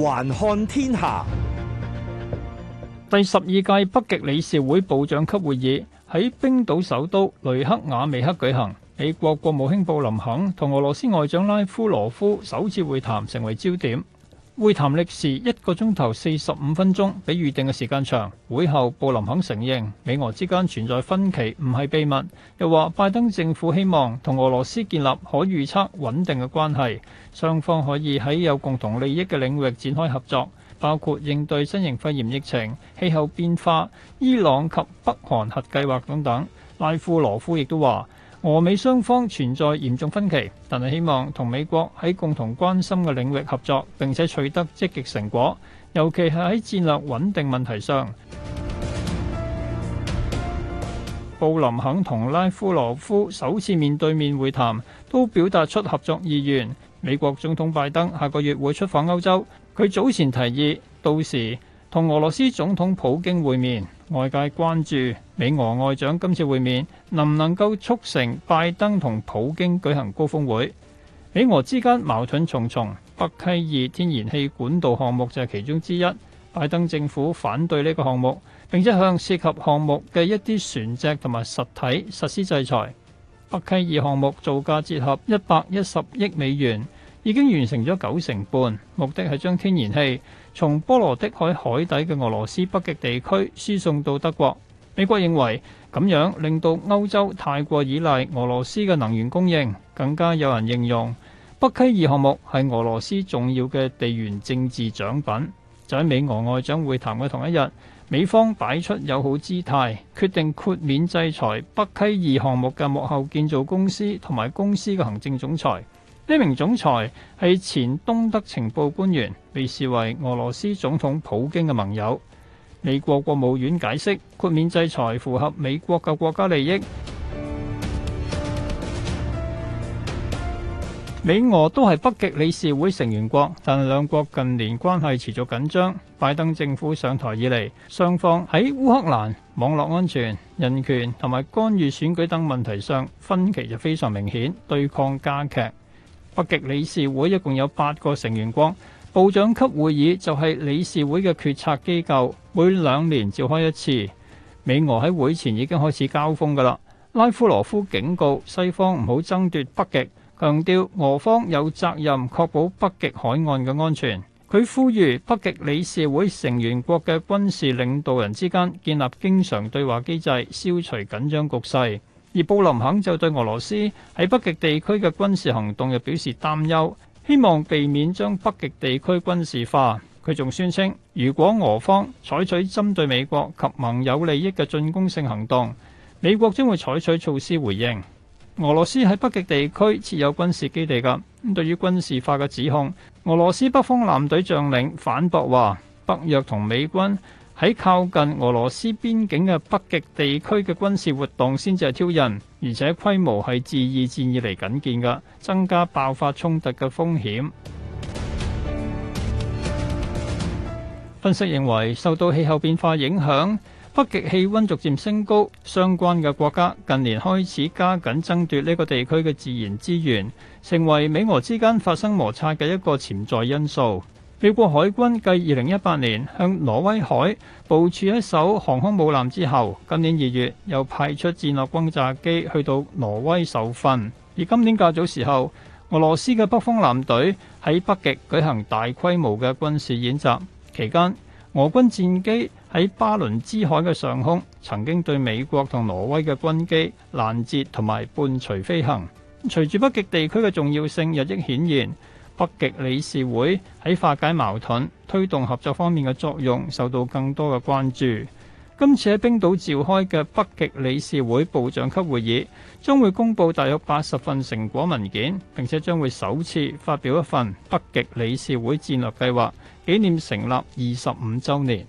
環看天下，第十二屆北極理事會部長級會議喺冰島首都雷克雅未克舉行。美國國務卿布林肯同俄羅斯外長拉夫羅夫首次會談成為焦點。會談歷時一個鐘頭四十五分鐘，比預定嘅時間長。會後，布林肯承認美俄之間存在分歧，唔係秘密。又話拜登政府希望同俄羅斯建立可預測穩定嘅關係，雙方可以喺有共同利益嘅領域展開合作，包括應對新型肺炎疫情、氣候變化、伊朗及北韓核計劃等等。拉夫羅夫亦都話：俄美雙方存在嚴重分歧，但係希望同美國喺共同關心嘅領域合作，並且取得積極成果，尤其係喺戰略穩定問題上。布林肯同拉夫羅夫首次面對面會談，都表達出合作意願。美國總統拜登下個月會出訪歐洲，佢早前提議，到時同俄羅斯總統普京會面，外界關注。美俄外長今次會面，能唔能夠促成拜登同普京舉行高峰會？美俄之間矛盾重重，北溪二天然氣管道項目就係其中之一。拜登政府反對呢個項目，並且向涉及項目嘅一啲船隻同埋實體實施制裁。北溪二項目造價折合一百一十億美元，已經完成咗九成半，目的係將天然氣從波羅的海海底嘅俄羅斯北極地區輸送到德國。美國認為咁樣令到歐洲太過依賴俄羅斯嘅能源供應，更加有人形容北溪二項目係俄羅斯重要嘅地緣政治獎品。就喺美俄外長會談嘅同一日，美方擺出友好姿態，決定豁免制裁北溪二項目嘅幕後建造公司同埋公司嘅行政總裁。呢名總裁係前東德情報官員，被視為俄羅斯總統普京嘅盟友。美國國務院解釋，豁免制裁符合美國嘅國家利益。美俄都係北極理事會成員國，但兩國近年關係持續緊張。拜登政府上台以嚟，雙方喺烏克蘭、網絡安全、人權同埋干預選舉等問題上分歧就非常明顯，對抗加劇。北極理事會一共有八個成員國，部長級會議就係理事會嘅決策機構。每兩年召開一次，美俄喺會前已經開始交鋒㗎喇。拉夫羅夫警告西方唔好爭奪北極，強調俄方有責任確保北極海岸嘅安全。佢呼籲北極理事會成員國嘅軍事領導人之間建立經常對話機制，消除緊張局勢。而布林肯就對俄羅斯喺北極地區嘅軍事行動又表示擔憂，希望避免將北極地區軍事化。佢仲宣稱，如果俄方採取針對美國及盟友利益嘅進攻性行動，美國將會採取措施回應。俄羅斯喺北極地區設有軍事基地噶，咁對於軍事化嘅指控，俄羅斯北方艦隊將領反駁話北約同美軍喺靠近俄羅斯邊境嘅北極地區嘅軍事活動先至係挑釁，而且規模係自二戰以嚟僅見噶，增加爆發衝突嘅風險。分析認為，受到氣候變化影響，北極氣温逐漸升高，相關嘅國家近年開始加緊爭奪呢個地區嘅自然資源，成為美俄之間發生摩擦嘅一個潛在因素。美國海軍繼二零一八年向挪威海部署一艘航空母艦之後，今年二月又派出戰略轟炸機去到挪威受訓。而今年較早時候，俄羅斯嘅北方艦隊喺北極舉行大規模嘅軍事演習。期間，俄軍戰機喺巴倫支海嘅上空，曾經對美國同挪威嘅軍機攔截同埋伴隨飛行。隨住北極地區嘅重要性日益顯現，北極理事會喺化解矛盾、推動合作方面嘅作用受到更多嘅關注。今次喺冰島召開嘅北極理事會部長級會議，將會公布大約八十份成果文件，並且將會首次發表一份北極理事會戰略計劃。紀念成立二十五周年。